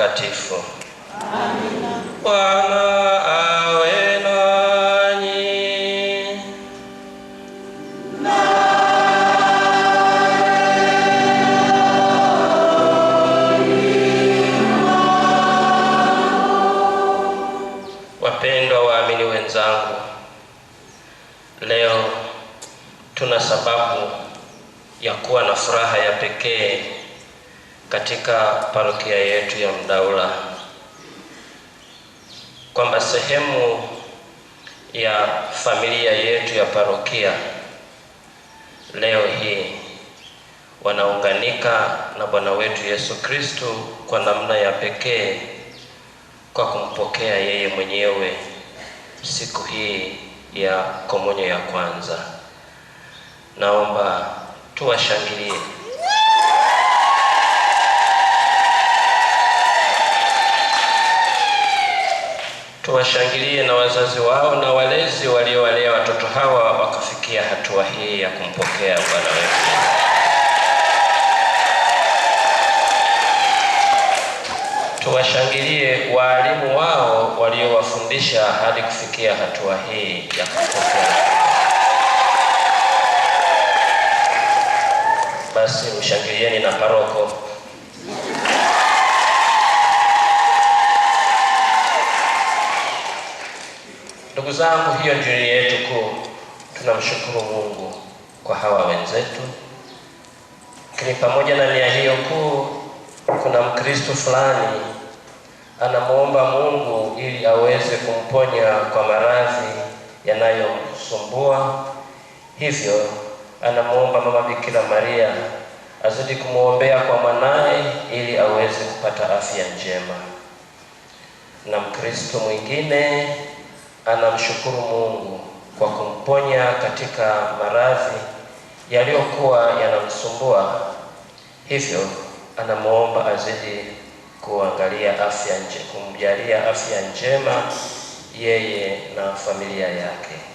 mtakatifu. Amina. Bwana awe nanyi. Wapendwa waamini wenzangu, leo tuna sababu ya kuwa na furaha ya pekee katika parokia yetu ya Mdaula kwamba sehemu ya familia yetu ya parokia leo hii wanaunganika na Bwana wetu Yesu Kristo kwa namna ya pekee kwa kumpokea yeye mwenyewe siku hii ya komunyo ya kwanza. Naomba tuwashangilie. tuwashangilie na wazazi wao na walezi waliowalea watoto hawa wakafikia hatua hii ya kumpokea Bwana wetu. Tuwashangilie waalimu wao waliowafundisha hadi kufikia hatua hii ya kumpokea. Basi mshangilieni na paroko. Ndugu zangu, hiyo ndio yetu kuu. Tunamshukuru Mungu kwa hawa wenzetu, lakini pamoja na nia hiyo kuu, kuna Mkristo fulani anamwomba Mungu ili aweze kumponya kwa maradhi yanayomsumbua, hivyo anamwomba Mama Bikira Maria azidi kumwombea kwa mwanaye ili aweze kupata afya njema. Na Mkristo mwingine anamshukuru Mungu kwa kumponya katika maradhi yaliyokuwa yanamsumbua, hivyo anamwomba azidi kuangalia afya nje, kumjalia afya njema yeye na familia yake.